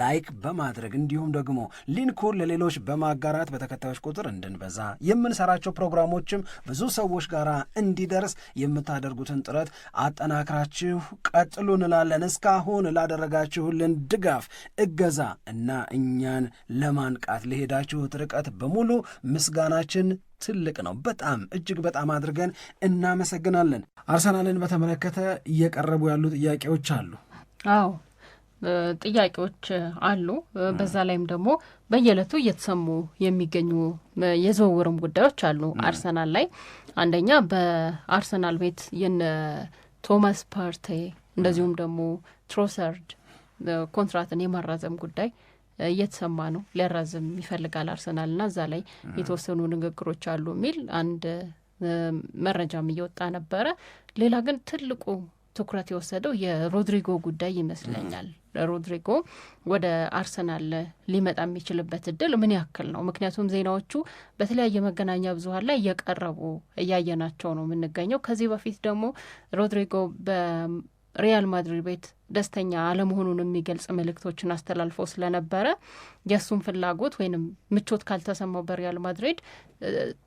ላይክ በማድረግ እንዲሁም ደግሞ ሊንኩን ለሌሎች በማጋራት በተከታዮች ቁጥር እንድንበዛ የምንሰራቸው ፕሮግራሞችም ብዙ ሰዎች ጋር እንዲደርስ የምታደርጉትን ጥረት አጠናክራችሁ ቀጥሉ እንላለን። እስካሁን ላደረጋችሁልን ድጋፍ፣ እገዛ እና እኛን ለማንቃት ለሄዳችሁት ርቀት በሙሉ ምስጋናችን ትልቅ ነው። በጣም እጅግ በጣም አድርገን እናመሰግናለን። አርሰናልን በተመለከተ እየቀረቡ ያሉ ጥያቄዎች አሉ። አዎ ጥያቄዎች አሉ። በዛ ላይም ደግሞ በየዕለቱ እየተሰሙ የሚገኙ የዝውውርም ጉዳዮች አሉ። አርሰናል ላይ አንደኛ በአርሰናል ቤት የነ ቶማስ ፓርቴ እንደዚሁም ደግሞ ትሮሰርድ ኮንትራትን የማራዘም ጉዳይ እየተሰማ ነው። ሊያራዝም ይፈልጋል አርሰናል እና እዛ ላይ የተወሰኑ ንግግሮች አሉ የሚል አንድ መረጃም እየወጣ ነበረ። ሌላ ግን ትልቁ ትኩረት የወሰደው የሮድሪጎ ጉዳይ ይመስለኛል። ሮድሪጎ ወደ አርሰናል ሊመጣ የሚችልበት እድል ምን ያክል ነው? ምክንያቱም ዜናዎቹ በተለያየ መገናኛ ብዙኃን ላይ እየቀረቡ እያየናቸው ነው የምንገኘው። ከዚህ በፊት ደግሞ ሮድሪጎ ሪያል ማድሪድ ቤት ደስተኛ አለመሆኑን የሚገልጽ መልእክቶችን አስተላልፎ ስለነበረ የእሱን ፍላጎት ወይንም ምቾት ካልተሰማው በሪያል ማድሪድ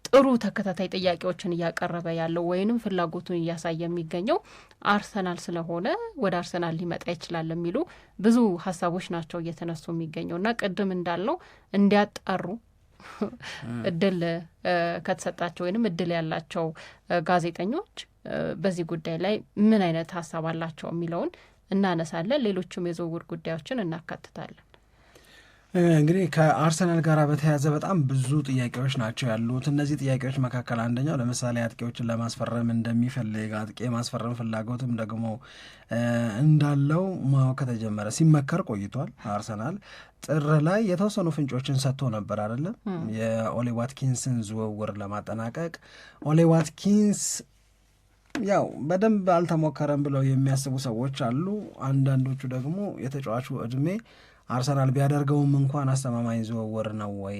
ጥሩ ተከታታይ ጥያቄዎችን እያቀረበ ያለው ወይንም ፍላጎቱን እያሳየ የሚገኘው አርሰናል ስለሆነ ወደ አርሰናል ሊመጣ ይችላል የሚሉ ብዙ ሀሳቦች ናቸው እየተነሱ የሚገኘው እና ቅድም እንዳልነው እንዲያጣሩ እድል ከተሰጣቸው ወይንም እድል ያላቸው ጋዜጠኞች በዚህ ጉዳይ ላይ ምን አይነት ሀሳብ አላቸው የሚለውን እናነሳለን። ሌሎችም የዝውውር ጉዳዮችን እናካትታለን። እንግዲህ ከአርሰናል ጋር በተያያዘ በጣም ብዙ ጥያቄዎች ናቸው ያሉት። እነዚህ ጥያቄዎች መካከል አንደኛው ለምሳሌ አጥቂዎችን ለማስፈረም እንደሚፈልግ አጥቂ የማስፈረም ፍላጎትም ደግሞ እንዳለው ማወቅ ከተጀመረ ሲመከር ቆይቷል። አርሰናል ጥር ላይ የተወሰኑ ፍንጮችን ሰጥቶ ነበር አይደለም? የኦሌ ዋትኪንስን ዝውውር ለማጠናቀቅ ኦሌ ዋትኪንስ ያው በደንብ አልተሞከረም ብለው የሚያስቡ ሰዎች አሉ። አንዳንዶቹ ደግሞ የተጫዋቹ እድሜ አርሰናል ቢያደርገውም እንኳን አስተማማኝ ዝውውር ነው ወይ?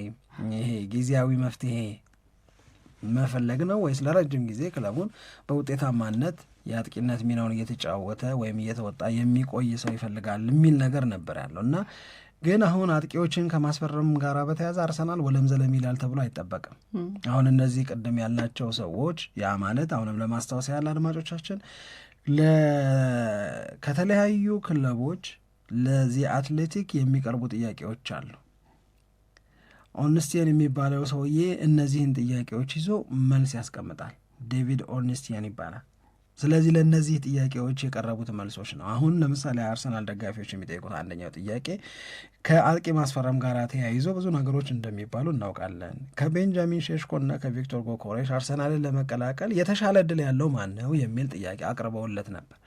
ይሄ ጊዜያዊ መፍትሄ መፈለግ ነው ወይስ ለረጅም ጊዜ ክለቡን በውጤታማነት የአጥቂነት ሚናውን እየተጫወተ ወይም እየተወጣ የሚቆይ ሰው ይፈልጋል የሚል ነገር ነበር ያለው እና ግን አሁን አጥቂዎችን ከማስፈረም ጋር በተያዘ አርሰናል ወለም ዘለም ይላል ተብሎ አይጠበቅም። አሁን እነዚህ ቅድም ያልናቸው ሰዎች ያ ማለት አሁንም ለማስታወስ ያለ አድማጮቻችን ከተለያዩ ክለቦች ለዚህ አትሌቲክ የሚቀርቡ ጥያቄዎች አሉ። ኦርንስቲያን የሚባለው ሰውዬ እነዚህን ጥያቄዎች ይዞ መልስ ያስቀምጣል። ዴቪድ ኦርንስቲያን ይባላል። ስለዚህ ለእነዚህ ጥያቄዎች የቀረቡት መልሶች ነው። አሁን ለምሳሌ አርሰናል ደጋፊዎች የሚጠይቁት አንደኛው ጥያቄ ከአጥቂ ማስፈረም ጋር ተያይዞ ብዙ ነገሮች እንደሚባሉ እናውቃለን። ከቤንጃሚን ሼሽኮ እና ከቪክቶር ጎኮሬሽ አርሰናልን ለመቀላቀል የተሻለ እድል ያለው ማን ነው የሚል ጥያቄ አቅርበውለት ነበር።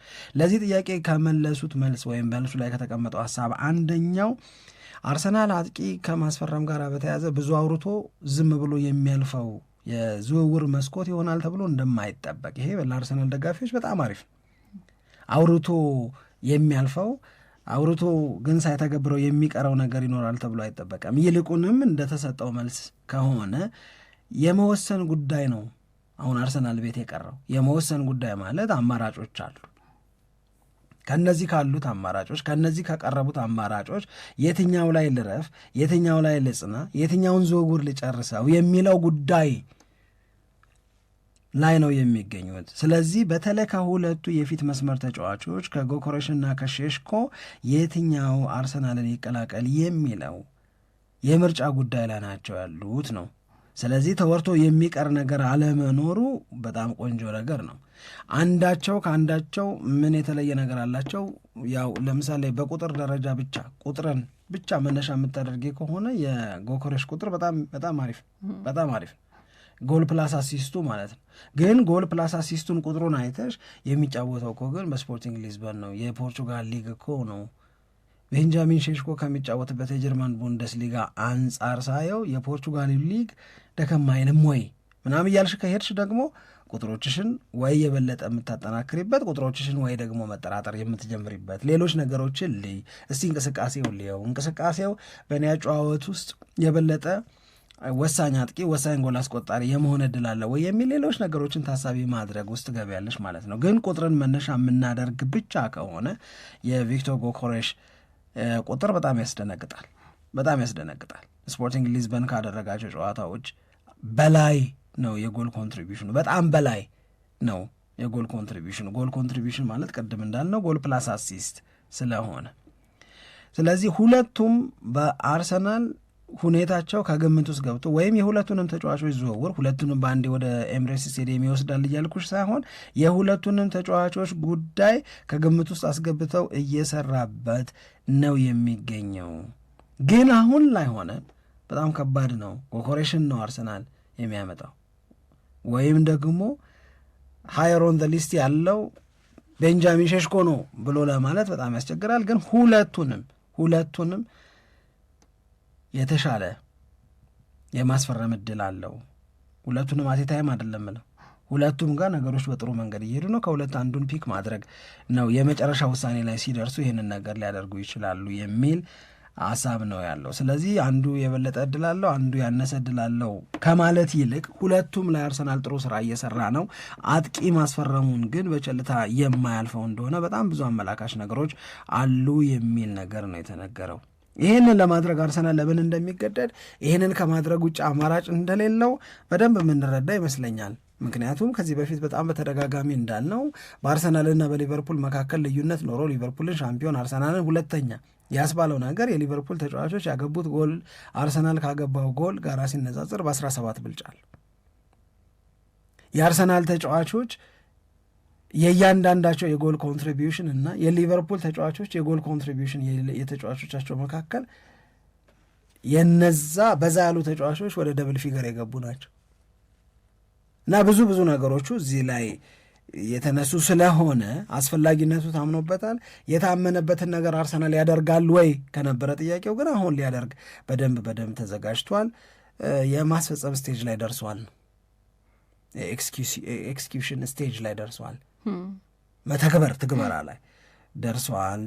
ለዚህ ጥያቄ ከመለሱት መልስ ወይም መልሱ ላይ ከተቀመጠው ሀሳብ አንደኛው አርሰናል አጥቂ ከማስፈረም ጋር በተያዘ ብዙ አውርቶ ዝም ብሎ የሚያልፈው የዝውውር መስኮት ይሆናል ተብሎ እንደማይጠበቅ ይሄ ለአርሰናል ደጋፊዎች በጣም አሪፍ ነው። አውርቶ የሚያልፈው አውርቶ ግን ሳይተገብረው የሚቀረው ነገር ይኖራል ተብሎ አይጠበቅም። ይልቁንም እንደተሰጠው መልስ ከሆነ የመወሰን ጉዳይ ነው። አሁን አርሰናል ቤት የቀረው የመወሰን ጉዳይ ማለት አማራጮች አሉ ከነዚህ ካሉት አማራጮች ከነዚህ ከቀረቡት አማራጮች የትኛው ላይ ልረፍ፣ የትኛው ላይ ልጽና፣ የትኛውን ዝውውር ልጨርሰው የሚለው ጉዳይ ላይ ነው የሚገኙት። ስለዚህ በተለይ ከሁለቱ የፊት መስመር ተጫዋቾች ከጎኮሬሽና ከሼሽኮ የትኛው አርሰናልን ይቀላቀል የሚለው የምርጫ ጉዳይ ላይ ናቸው ያሉት ነው። ስለዚህ ተወርቶ የሚቀር ነገር አለመኖሩ በጣም ቆንጆ ነገር ነው። አንዳቸው ከአንዳቸው ምን የተለየ ነገር አላቸው? ያው ለምሳሌ በቁጥር ደረጃ ብቻ ቁጥርን ብቻ መነሻ የምታደርጌ ከሆነ የጎኮሬሽ ቁጥር በጣም በጣም አሪፍ በጣም አሪፍ ጎል ፕላስ አሲስቱ ማለት ነው። ግን ጎል ፕላስ አሲስቱን ቁጥሩን አይተሽ የሚጫወተው እኮ ግን በስፖርቲንግ ሊዝበን ነው የፖርቹጋል ሊግ እኮ ነው ቤንጃሚን ሼሽኮ ከሚጫወትበት የጀርመን ቡንደስሊጋ አንጻር ሳየው የፖርቹጋል ሊግ ደከም አይልም ወይ ምናምን እያልሽ ከሄድሽ ደግሞ ቁጥሮችሽን ወይ የበለጠ የምታጠናክሪበት ቁጥሮችሽን ወይ ደግሞ መጠራጠር የምትጀምሪበት ሌሎች ነገሮችን ልይ እስቲ እንቅስቃሴው ልየው። እንቅስቃሴው በእኔ ጨዋወት ውስጥ የበለጠ ወሳኝ አጥቂ፣ ወሳኝ ጎል አስቆጣሪ የመሆን እድል አለ ወይ የሚል ሌሎች ነገሮችን ታሳቢ ማድረግ ውስጥ ገቢያለሽ ማለት ነው። ግን ቁጥርን መነሻ የምናደርግ ብቻ ከሆነ የቪክቶር ጎኮሬሽ ቁጥር በጣም ያስደነግጣል፣ በጣም ያስደነግጣል። ስፖርቲንግ ሊዝበን ካደረጋቸው ጨዋታዎች በላይ ነው የጎል ኮንትሪቢሽኑ፣ በጣም በላይ ነው የጎል ኮንትሪቢሽኑ። ጎል ኮንትሪቢሽን ማለት ቅድም እንዳልነው ጎል ፕላስ አሲስት ስለሆነ ስለዚህ ሁለቱም በአርሰናል ሁኔታቸው ከግምት ውስጥ ገብቶ ወይም የሁለቱንም ተጫዋቾች ዝውውር ሁለቱንም በአንዴ ወደ ኤምሬትስ ስቴዲየም ይወስዳል እያልኩሽ ሳይሆን የሁለቱንም ተጫዋቾች ጉዳይ ከግምት ውስጥ አስገብተው እየሰራበት ነው የሚገኘው። ግን አሁን ላይ ሆነ በጣም ከባድ ነው። ኮኮሬሽን ነው አርሰናል የሚያመጣው ወይም ደግሞ ሃየር ኦን ዘ ሊስት ያለው ቤንጃሚን ሸሽኮ ነው ብሎ ለማለት በጣም ያስቸግራል። ግን ሁለቱንም ሁለቱንም የተሻለ የማስፈረም እድል አለው። ሁለቱንም አቴታይም አይደለም ነው ሁለቱም ጋር ነገሮች በጥሩ መንገድ እየሄዱ ነው። ከሁለት አንዱን ፒክ ማድረግ ነው። የመጨረሻ ውሳኔ ላይ ሲደርሱ ይህንን ነገር ሊያደርጉ ይችላሉ የሚል ሀሳብ ነው ያለው። ስለዚህ አንዱ የበለጠ እድል አለው፣ አንዱ ያነሰ እድል አለው ከማለት ይልቅ ሁለቱም ላይ አርሰናል ጥሩ ስራ እየሰራ ነው። አጥቂ ማስፈረሙን ግን በቸልታ የማያልፈው እንደሆነ በጣም ብዙ አመላካች ነገሮች አሉ የሚል ነገር ነው የተነገረው። ይህንን ለማድረግ አርሰናል ለምን እንደሚገደድ ይህንን ከማድረግ ውጭ አማራጭ እንደሌለው በደንብ የምንረዳ ይመስለኛል። ምክንያቱም ከዚህ በፊት በጣም በተደጋጋሚ እንዳልነው በአርሰናልና በሊቨርፑል መካከል ልዩነት ኖሮ ሊቨርፑልን ሻምፒዮን አርሰናልን ሁለተኛ ያስባለው ነገር የሊቨርፑል ተጫዋቾች ያገቡት ጎል አርሰናል ካገባው ጎል ጋር ሲነጻጽር በ17 ብልጫል። የአርሰናል ተጫዋቾች የእያንዳንዳቸው የጎል ኮንትሪቢሽን እና የሊቨርፑል ተጫዋቾች የጎል ኮንትሪቢሽን የተጫዋቾቻቸው መካከል የነዛ በዛ ያሉ ተጫዋቾች ወደ ደብል ፊገር የገቡ ናቸው እና ብዙ ብዙ ነገሮቹ እዚህ ላይ የተነሱ ስለሆነ አስፈላጊነቱ ታምኖበታል። የታመነበትን ነገር አርሰናል ያደርጋል ወይ ከነበረ ጥያቄው ግን አሁን ሊያደርግ በደንብ በደንብ ተዘጋጅቷል። የማስፈጸም ስቴጅ ላይ ደርሷል። ኤክስኪውሽን ስቴጅ ላይ ደርሷል። መተግበር ትግበራ ላይ ደርሰዋል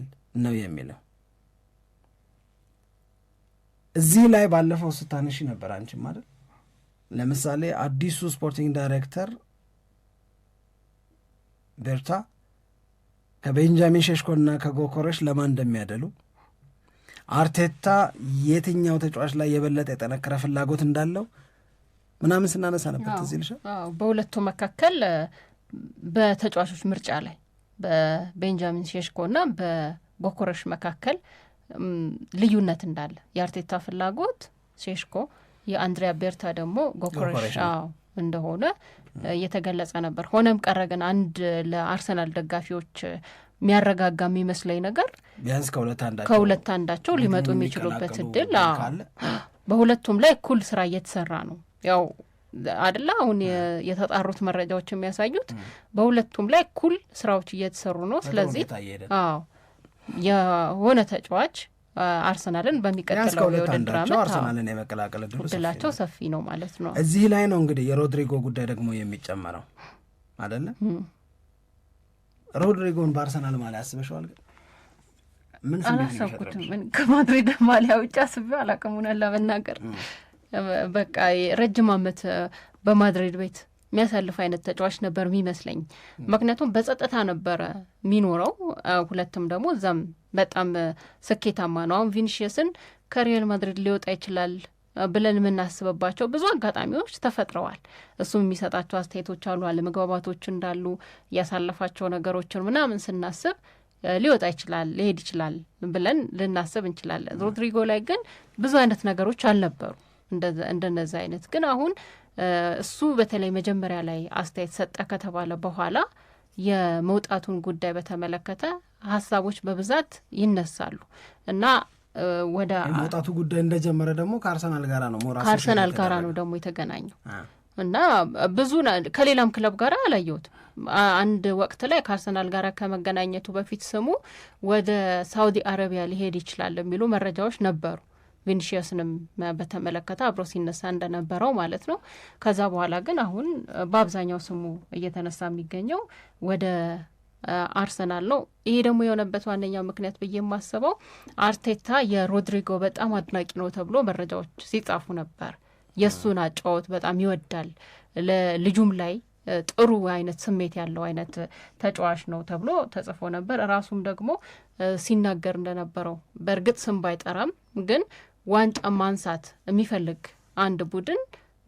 ነው የሚለው። እዚህ ላይ ባለፈው ስታነሺ ነበር አንቺም ማለት ለምሳሌ አዲሱ ስፖርቲንግ ዳይሬክተር ቤርታ ከቤንጃሚን ሸሽኮና ከጎኮረሽ ለማን እንደሚያደሉ አርቴታ የትኛው ተጫዋች ላይ የበለጠ የጠነከረ ፍላጎት እንዳለው ምናምን ስናነሳ ነበር። ትዝ ይልሻል። በሁለቱ መካከል በተጫዋቾች ምርጫ ላይ በቤንጃሚን ሼሽኮ በጎኮረሽ መካከል ልዩነት እንዳለ የአርቴታ ፍላጎት ሼሽኮ፣ የአንድሪያ ቤርታ ደግሞ ጎኮረሽ እንደሆነ እየተገለጸ ነበር። ሆነም ቀረ ግን አንድ ለአርሰናል ደጋፊዎች የሚያረጋጋ የሚመስለኝ ነገር ከሁለት አንዳቸው ሊመጡ የሚችሉበት እድል በሁለቱም ላይ እኩል ስራ እየተሰራ ነው ያው አደላ አሁን የተጣሩት መረጃዎች የሚያሳዩት በሁለቱም ላይ እኩል ስራዎች እየተሰሩ ነው። ስለዚህ አዎ የሆነ ተጫዋች አርሰናልን በሚቀጥለው አርሰናልን የመቀላቀል እድላቸው ሰፊ ነው ማለት ነው። እዚህ ላይ ነው እንግዲህ የሮድሪጎ ጉዳይ ደግሞ የሚጨመረው አደለ። ሮድሪጎን በአርሰናል ማሊያ አስበሽዋል? ምን አላሰብኩትም። ከማድሪድ ማሊያ ውጭ አስቤ አላቅም እውነት ለመናገር በቃ ረጅም ዓመት በማድሪድ ቤት የሚያሳልፍ አይነት ተጫዋች ነበር የሚመስለኝ። ምክንያቱም በጸጥታ ነበረ የሚኖረው፣ ሁለትም ደግሞ እዛም በጣም ስኬታማ ነው። አሁን ቪኒሺየስን ከሪያል ማድሪድ ሊወጣ ይችላል ብለን የምናስብባቸው ብዙ አጋጣሚዎች ተፈጥረዋል። እሱም የሚሰጣቸው አስተያየቶች አሉ፣ አለመግባባቶች እንዳሉ እያሳለፋቸው ነገሮችን ምናምን ስናስብ ሊወጣ ይችላል ሊሄድ ይችላል ብለን ልናስብ እንችላለን። ሮድሪጎ ላይ ግን ብዙ አይነት ነገሮች አልነበሩ እንደነዚ አይነት ግን አሁን እሱ በተለይ መጀመሪያ ላይ አስተያየት ሰጠ ከተባለ በኋላ የመውጣቱን ጉዳይ በተመለከተ ሀሳቦች በብዛት ይነሳሉ እና ወደ መውጣቱ ጉዳይ እንደጀመረ ደግሞ ከአርሰናል ጋራ ነው ከአርሰናል ጋራ ነው ደግሞ የተገናኘው እና ብዙ ከሌላም ክለብ ጋር አላየሁትም። አንድ ወቅት ላይ ከአርሰናል ጋር ከመገናኘቱ በፊት ስሙ ወደ ሳውዲ አረቢያ ሊሄድ ይችላል የሚሉ መረጃዎች ነበሩ። ቪኒሽየስንም በተመለከተ አብሮ ሲነሳ እንደነበረው ማለት ነው። ከዛ በኋላ ግን አሁን በአብዛኛው ስሙ እየተነሳ የሚገኘው ወደ አርሰናል ነው። ይሄ ደግሞ የሆነበት ዋነኛው ምክንያት ብዬ የማስበው አርቴታ የሮድሪጎ በጣም አድናቂ ነው ተብሎ መረጃዎች ሲጻፉ ነበር። የእሱን አጫወት በጣም ይወዳል። ለልጁም ላይ ጥሩ አይነት ስሜት ያለው አይነት ተጫዋች ነው ተብሎ ተጽፎ ነበር። ራሱም ደግሞ ሲናገር እንደነበረው በእርግጥ ስም ባይጠራም ግን ዋንጫ ማንሳት የሚፈልግ አንድ ቡድን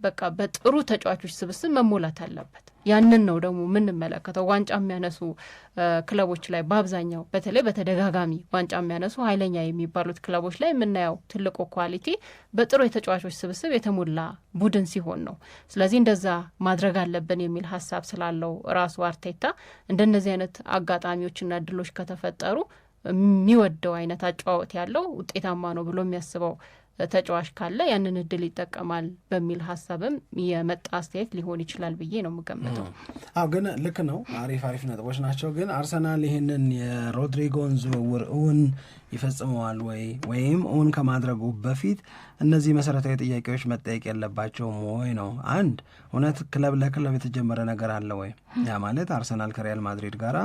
በቃ በጥሩ ተጫዋቾች ስብስብ መሞላት አለበት። ያንን ነው ደግሞ የምንመለከተው። ዋንጫ የሚያነሱ ክለቦች ላይ በአብዛኛው በተለይ በተደጋጋሚ ዋንጫ የሚያነሱ ኃይለኛ የሚባሉት ክለቦች ላይ የምናየው ትልቁ ኳሊቲ በጥሩ የተጫዋቾች ስብስብ የተሞላ ቡድን ሲሆን ነው። ስለዚህ እንደዛ ማድረግ አለብን የሚል ሀሳብ ስላለው ራሱ አርቴታ እንደነዚህ አይነት አጋጣሚዎችና እድሎች ከተፈጠሩ የሚወደው አይነት አጫዋወት ያለው ውጤታማ ነው ብሎ የሚያስበው ተጫዋች ካለ ያንን እድል ይጠቀማል በሚል ሀሳብም የመጣ አስተያየት ሊሆን ይችላል ብዬ ነው የምገምተው። አዎ ግን ልክ ነው። አሪፍ አሪፍ ነጥቦች ናቸው። ግን አርሰናል ይህንን የሮድሪጎን ዝውውር እውን ይፈጽመዋል ወይ ወይም እውን ከማድረጉ በፊት እነዚህ መሰረታዊ ጥያቄዎች መጠየቅ የለባቸውም ወይ ነው። አንድ እውነት ክለብ ለክለብ የተጀመረ ነገር አለ ወይ? ያ ማለት አርሰናል ከሪያል ማድሪድ ጋር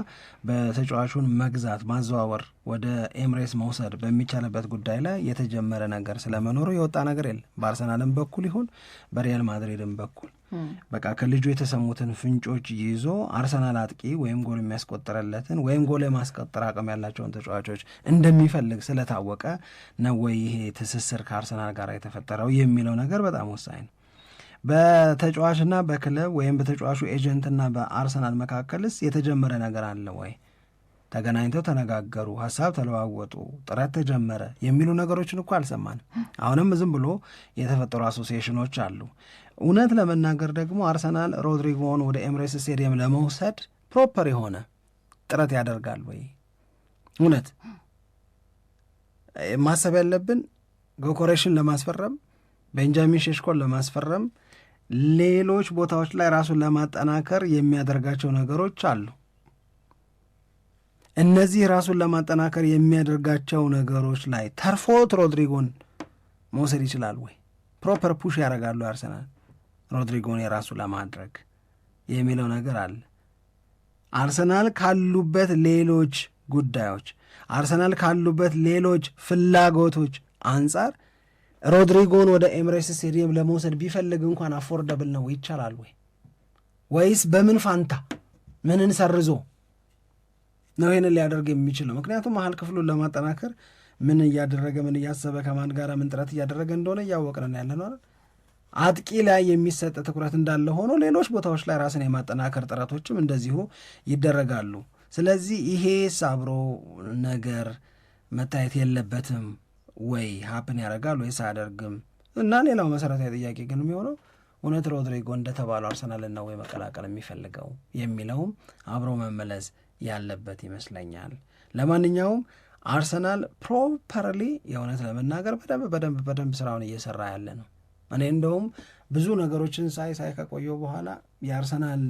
በተጫዋቹን መግዛት፣ ማዘዋወር፣ ወደ ኤምሬስ መውሰድ በሚቻልበት ጉዳይ ላይ የተጀመረ ነገር ስለመኖሩ የወጣ ነገር የለም። በአርሰናልም በኩል ይሁን በሪያል ማድሪድም በኩል በቃ ከልጁ የተሰሙትን ፍንጮች ይዞ አርሰናል አጥቂ ወይም ጎል የሚያስቆጥረለትን ወይም ጎል የማስቆጠር አቅም ያላቸውን ተጫዋቾች እንደሚፈልግ ስለታወቀ ነው ወይ ይሄ ትስስር ከአርሰናል ጋር የተፈጠረው የሚለው ነገር በጣም ወሳኝ ነው። በተጫዋችና በክለብ ወይም በተጫዋቹ ኤጀንትና በአርሰናል መካከልስ የተጀመረ ነገር አለ ወይ? ተገናኝተው ተነጋገሩ፣ ሀሳብ ተለዋወጡ፣ ጥረት ተጀመረ የሚሉ ነገሮችን እኮ አልሰማንም። አሁንም ዝም ብሎ የተፈጠሩ አሶሲሽኖች አሉ። እውነት ለመናገር ደግሞ አርሰናል ሮድሪጎን ወደ ኤምሬስ ስቴዲየም ለመውሰድ ፕሮፐር የሆነ ጥረት ያደርጋል ወይ? እውነት ማሰብ ያለብን ጎኮሬሽን ለማስፈረም፣ ቤንጃሚን ሼሽኮን ለማስፈረም፣ ሌሎች ቦታዎች ላይ ራሱን ለማጠናከር የሚያደርጋቸው ነገሮች አሉ። እነዚህ ራሱን ለማጠናከር የሚያደርጋቸው ነገሮች ላይ ተርፎት ሮድሪጎን መውሰድ ይችላል ወይ? ፕሮፐር ፑሽ ያደርጋሉ አርሰናል ሮድሪጎን የራሱ ለማድረግ የሚለው ነገር አለ። አርሰናል ካሉበት ሌሎች ጉዳዮች፣ አርሰናል ካሉበት ሌሎች ፍላጎቶች አንጻር ሮድሪጎን ወደ ኤምሬስ ስቴዲየም ለመውሰድ ቢፈልግ እንኳን አፎርደብል ነው ይቻላል ወይ? ወይስ በምን ፋንታ ምንን ሰርዞ ነው ይህንን ሊያደርግ የሚችለው? ምክንያቱም መሀል ክፍሉን ለማጠናከር ምን እያደረገ ምን እያሰበ ከማን ጋር ምን ጥረት እያደረገ እንደሆነ እያወቅን ያለ ነው። አጥቂ ላይ የሚሰጥ ትኩረት እንዳለ ሆኖ ሌሎች ቦታዎች ላይ ራስን የማጠናከር ጥረቶችም እንደዚሁ ይደረጋሉ። ስለዚህ ይሄ አብሮ ነገር መታየት የለበትም ወይ? ሀፕን ያደርጋል ወይስ አያደርግም? እና ሌላው መሰረታዊ ጥያቄ ግን የሚሆነው እውነት ሮድሪጎ እንደተባለው አርሰናልን ነው ወይ መቀላቀል የሚፈልገው የሚለውም አብሮ መመለስ ያለበት ይመስለኛል። ለማንኛውም አርሰናል ፕሮፐርሊ የእውነት ለመናገር በደንብ በደንብ በደንብ ስራውን እየሰራ ያለ ነው። እኔ እንደውም ብዙ ነገሮችን ሳይ ሳይ ከቆየው በኋላ የአርሰናል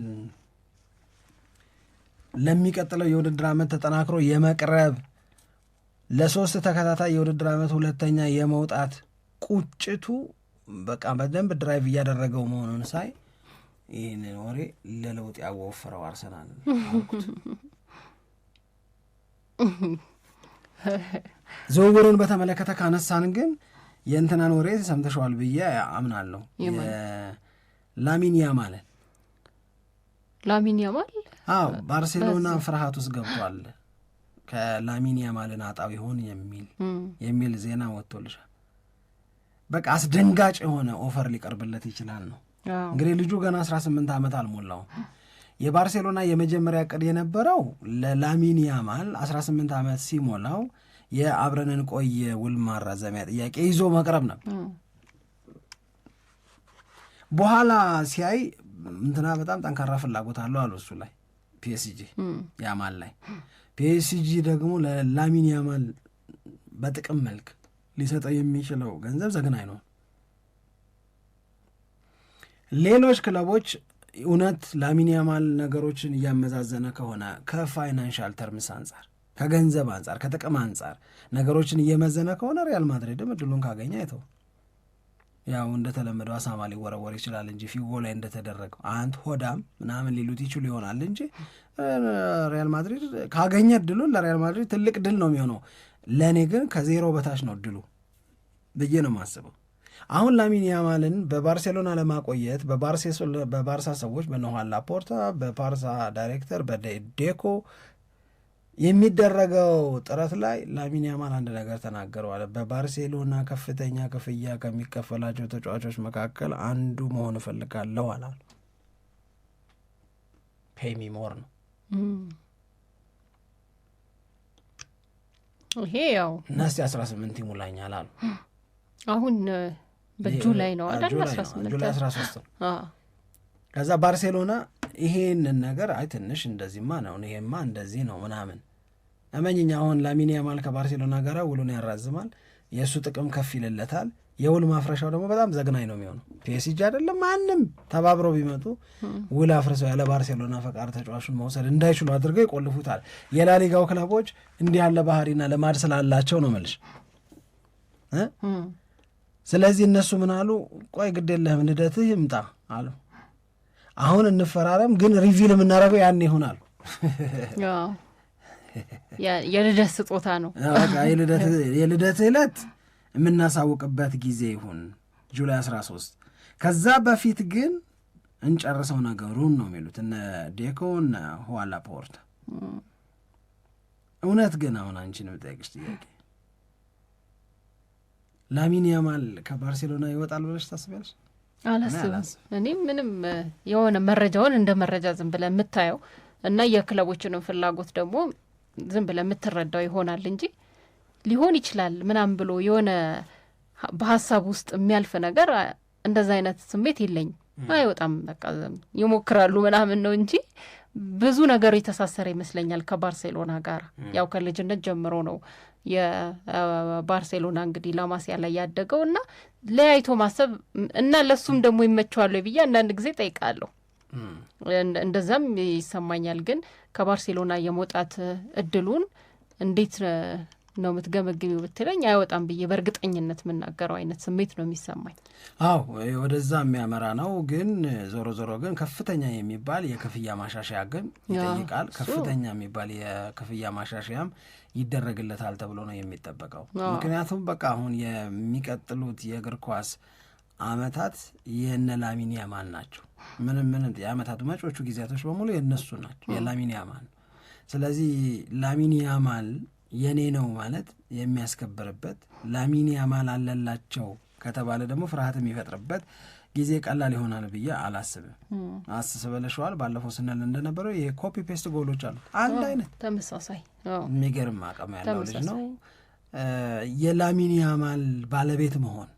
ለሚቀጥለው የውድድር ዓመት ተጠናክሮ የመቅረብ ለሶስት ተከታታይ የውድድር ዓመት ሁለተኛ የመውጣት ቁጭቱ በቃ በደንብ ድራይቭ እያደረገው መሆኑን ሳይ ይህንን ወሬ ለለውጥ ያወፍረው አርሰናል ዝውውሩን በተመለከተ ካነሳን ግን የእንትናን ወሬ ሰምተሸዋል ብዬ አምናለሁ። ላሚን ያማልን ላሚን ያማል አዎ፣ ባርሴሎና ፍርሃት ውስጥ ገብቷል። ከላሚን ያማልን አጣው ይሆን የሚል የሚል ዜና ወጥቶልሻል። በቃ አስደንጋጭ የሆነ ኦፈር ሊቀርብለት ይችላል ነው እንግዲህ። ልጁ ገና አስራ ስምንት ዓመት አልሞላውም። የባርሴሎና የመጀመሪያ ዕቅድ የነበረው ለላሚን ያማል አስራ ስምንት ዓመት ሲሞላው የአብረንን ቆየ ውል ማራዘሚያ ጥያቄ ይዞ መቅረብ ነበር። በኋላ ሲያይ እንትና በጣም ጠንካራ ፍላጎት አለው አሉ እሱ ላይ ፒኤስጂ ያማል ላይ ፒኤስጂ ደግሞ ለላሚን ያማል በጥቅም መልክ ሊሰጠው የሚችለው ገንዘብ ዘግናኝ ነው። ሌሎች ክለቦች እውነት ላሚን ያማል ነገሮችን እያመዛዘነ ከሆነ ከፋይናንሻል ተርምስ አንጻር ከገንዘብ አንጻር ከጥቅም አንጻር ነገሮችን እየመዘነ ከሆነ ሪያል ማድሪድም እድሉን ካገኘ አይተው ያው እንደተለመደው አሳማ ሊወረወር ይችላል እንጂ ፊጎ ላይ እንደተደረገው አንት ሆዳም ምናምን ሊሉት ይችሉ ይሆናል እንጂ ሪያል ማድሪድ ካገኘ እድሉን ለሪያል ማድሪድ ትልቅ ድል ነው የሚሆነው። ለእኔ ግን ከዜሮ በታች ነው እድሉ ብዬ ነው የማስበው። አሁን ላሚን ያማልን በባርሴሎና ለማቆየት በባርሳ ሰዎች በነኋላ ፖርታ በባርሳ ዳይሬክተር በዴኮ የሚደረገው ጥረት ላይ ላሚን ያማል አንድ ነገር ተናግረዋል። በባርሴሎና ከፍተኛ ክፍያ ከሚከፈላቸው ተጫዋቾች መካከል አንዱ መሆን እፈልጋለሁ አላል። ፔሚ ሞር ነው ይሄ ያው እና እስኪ አስራ ስምንት ይሙላኛል አሉ። አሁን በጁላይ ነው አይደል አስራ ጁላይ አስራ ሶስት ነው። ከዛ ባርሴሎና ይሄንን ነገር አይ ትንሽ እንደዚህማ ነው ይሄማ እንደዚህ ነው ምናምን እመኝኛ አሁን ላሚን ያማል ከባርሴሎና ጋር ውሉን ያራዝማል። የእሱ ጥቅም ከፍ ይልለታል። የውል ማፍረሻው ደግሞ በጣም ዘግናኝ ነው የሚሆነው። ፒኤስጂ አይደለም ማንም ተባብረው ቢመጡ ውል አፍርሰው ያለ ባርሴሎና ፈቃድ ተጫዋቹን መውሰድ እንዳይችሉ አድርገው ይቆልፉታል። የላሊጋው ክለቦች እንዲህ ያለ ባህሪና ልማድ ስላላቸው ነው መልሽ። ስለዚህ እነሱ ምን አሉ? ቆይ ግድ የለህም ልደትህ ይምጣ አሉ። አሁን እንፈራረም፣ ግን ሪቪል የምናደርገው ያን ይሆናል። የልደት ስጦታ ነው። የልደት ዕለት የምናሳውቅበት ጊዜ ይሁን ጁላይ 13። ከዛ በፊት ግን እንጨርሰው ነገሩን ነው የሚሉት እነ ዴኮ እነ ኋላ ፖርት። እውነት ግን አሁን አንቺን ብጠይቅሽ ጥያቄ ላሚን ያማል ከባርሴሎና ይወጣል ብለሽ ታስቢያለሽ? አላስብም። እኔ ምንም የሆነ መረጃውን እንደ መረጃ ዝም ብለህ የምታየው እና የክለቦችንም ፍላጎት ደግሞ ዝም ብለ የምትረዳው ይሆናል እንጂ ሊሆን ይችላል ምናምን ብሎ የሆነ በሀሳብ ውስጥ የሚያልፍ ነገር እንደዛ አይነት ስሜት የለኝም። አይወጣም በቃ ይሞክራሉ ምናምን ነው እንጂ ብዙ ነገር የተሳሰረ ይመስለኛል ከባርሴሎና ጋር። ያው ከልጅነት ጀምሮ ነው የባርሴሎና እንግዲህ ላማሲያ ላይ ያደገው እና ለያይቶ ማሰብ እና ለሱም ደግሞ ይመቸዋለሁ ብዬ አንዳንድ ጊዜ ጠይቃለሁ። እንደዛም ይሰማኛል። ግን ከባርሴሎና የመውጣት እድሉን እንዴት ነው የምትገመግሚው ብትለኝ አይወጣም ብዬ በእርግጠኝነት የምናገረው አይነት ስሜት ነው የሚሰማኝ። አዎ ወደዛ የሚያመራ ነው። ግን ዞሮ ዞሮ ግን ከፍተኛ የሚባል የክፍያ ማሻሻያ ግን ይጠይቃል። ከፍተኛ የሚባል የክፍያ ማሻሻያም ይደረግለታል ተብሎ ነው የሚጠበቀው። ምክንያቱም በቃ አሁን የሚቀጥሉት የእግር ኳስ አመታት የነ ላሚን ያማል ናቸው። ምንም ምንም የአመታቱ መጪዎቹ ጊዜያቶች በሙሉ የነሱ ናቸው፣ የላሚን ያማል። ስለዚህ ላሚን ያማል የኔ ነው ማለት የሚያስከብርበት ላሚን ያማል አለላቸው ከተባለ ደግሞ ፍርሃት የሚፈጥርበት ጊዜ ቀላል ይሆናል ብዬ አላስብም። አስስበለሸዋል ባለፈው ስንል እንደነበረው ይሄ ኮፒ ፔስት ጎሎች አሉት። አንድ አይነት ተመሳሳይ የሚገርም አቅም ያለው ልጅ ነው። የላሚን ያማል ባለቤት መሆን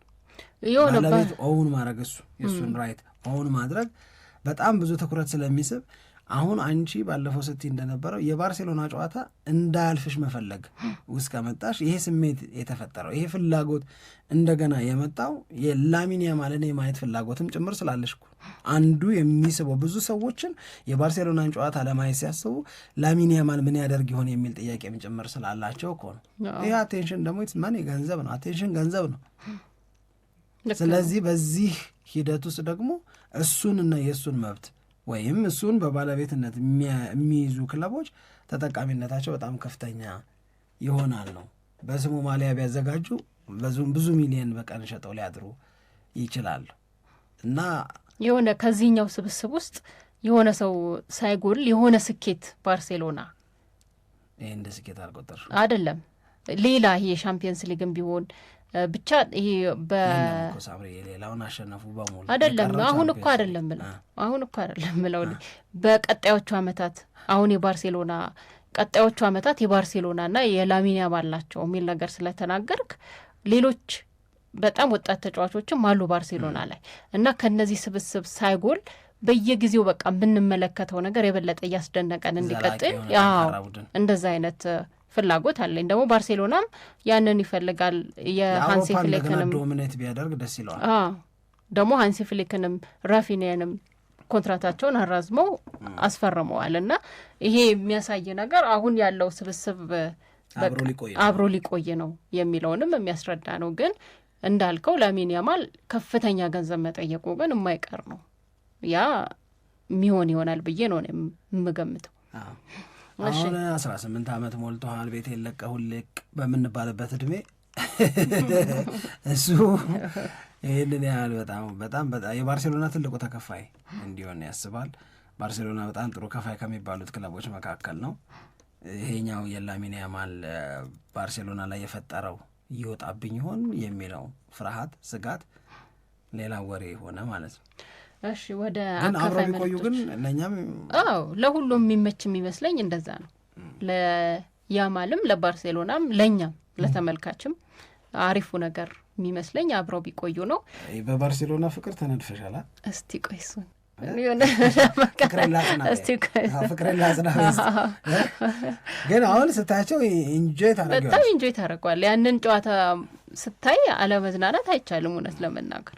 ባለቤት ኦውን ማድረግ እሱ የእሱን ራይት አሁን ማድረግ በጣም ብዙ ትኩረት ስለሚስብ አሁን አንቺ ባለፈው ስቲ እንደነበረው የባርሴሎና ጨዋታ እንዳያልፍሽ መፈለግ ውስጥ ከመጣሽ ይሄ ስሜት የተፈጠረው ይሄ ፍላጎት እንደገና የመጣው የላሚን ያማልን የማየት ፍላጎትም ጭምር ስላለሽ አንዱ የሚስበው ብዙ ሰዎችን የባርሴሎናን ጨዋታ ለማየት ሲያስቡ ላሚን ያማል ምን ያደርግ ይሆን የሚል ጥያቄም ጭምር ስላላቸው እኮ ነው። ይህ አቴንሽን ደግሞ ማን ገንዘብ ነው፣ አቴንሽን ገንዘብ ነው። ስለዚህ በዚህ ሂደት ውስጥ ደግሞ እሱንና የእሱን መብት ወይም እሱን በባለቤትነት የሚይዙ ክለቦች ተጠቃሚነታቸው በጣም ከፍተኛ ይሆናል ነው። በስሙ ማሊያ ቢያዘጋጁ ብዙ ሚሊየን በቀን ሸጠው ሊያድሩ ይችላሉ እና የሆነ ከዚህኛው ስብስብ ውስጥ የሆነ ሰው ሳይጎል የሆነ ስኬት ባርሴሎና ይህ እንደ ስኬት አልቆጠር አይደለም። ሌላ ይሄ ሻምፒየንስ ሊግም ቢሆን ብቻ ይሄ የሌላውን አሸነፉ በሙሉ አይደለም። አሁን እኮ አይደለም ብለው አሁን እኮ አይደለም ብለው በቀጣዮቹ አመታት አሁን የባርሴሎና ቀጣዮቹ ዓመታት የባርሴሎናና የላሚን ያማል ናቸው የሚል ነገር ስለተናገርክ ሌሎች በጣም ወጣት ተጫዋቾችም አሉ ባርሴሎና ላይ እና ከነዚህ ስብስብ ሳይጎል በየጊዜው በቃ የምንመለከተው ነገር የበለጠ እያስደነቀን እንዲቀጥል ያው እንደዛ አይነት ፍላጎት አለኝ። ደግሞ ባርሴሎናም ያንን ይፈልጋል። የሀንሲ ፍሌክንም ዶሚኔት ቢያደርግ ደስ ይለዋል። ደግሞ ሀንሲ ፍሌክንም ራፊኒያንም ኮንትራታቸውን አራዝመው አስፈርመዋል እና ይሄ የሚያሳይ ነገር አሁን ያለው ስብስብ አብሮ ሊቆይ ነው የሚለውንም የሚያስረዳ ነው። ግን እንዳልከው ላሚን ያማል ከፍተኛ ገንዘብ መጠየቁ ግን የማይቀር ነው። ያ የሚሆን ይሆናል ብዬ ነው የምገምተው። አሁን አስራ ስምንት ዓመት ሞልቶሃል። ቤት ለቀህ ሁሌቅ በምንባልበት እድሜ እሱ ይህንን ያህል በጣም በጣም በጣም የባርሴሎና ትልቁ ተከፋይ እንዲሆን ያስባል። ባርሴሎና በጣም ጥሩ ከፋይ ከሚባሉት ክለቦች መካከል ነው። ይሄኛው የላሚን ያማል ባርሴሎና ላይ የፈጠረው ይወጣብኝ ይሆን የሚለው ፍርሃት፣ ስጋት ሌላ ወሬ ሆነ ማለት ነው። እሺ ወደ አብረው ቢቆዩ ግን ለእኛም አዎ ለሁሉም የሚመች የሚመስለኝ እንደዛ ነው። ለያማልም ለባርሴሎናም ለእኛም ለተመልካችም አሪፉ ነገር የሚመስለኝ አብረው ቢቆዩ ነው። በባርሴሎና ፍቅር ተነድፈሻላ። እስቲ ቆይ እሱን ግን አሁን ስታያቸው ኢንጆይ ታደርገዋለህ፣ በጣም ኢንጆይ ታደርገዋለህ። ያንን ጨዋታ ስታይ አለመዝናናት አይቻልም እውነት ለመናገር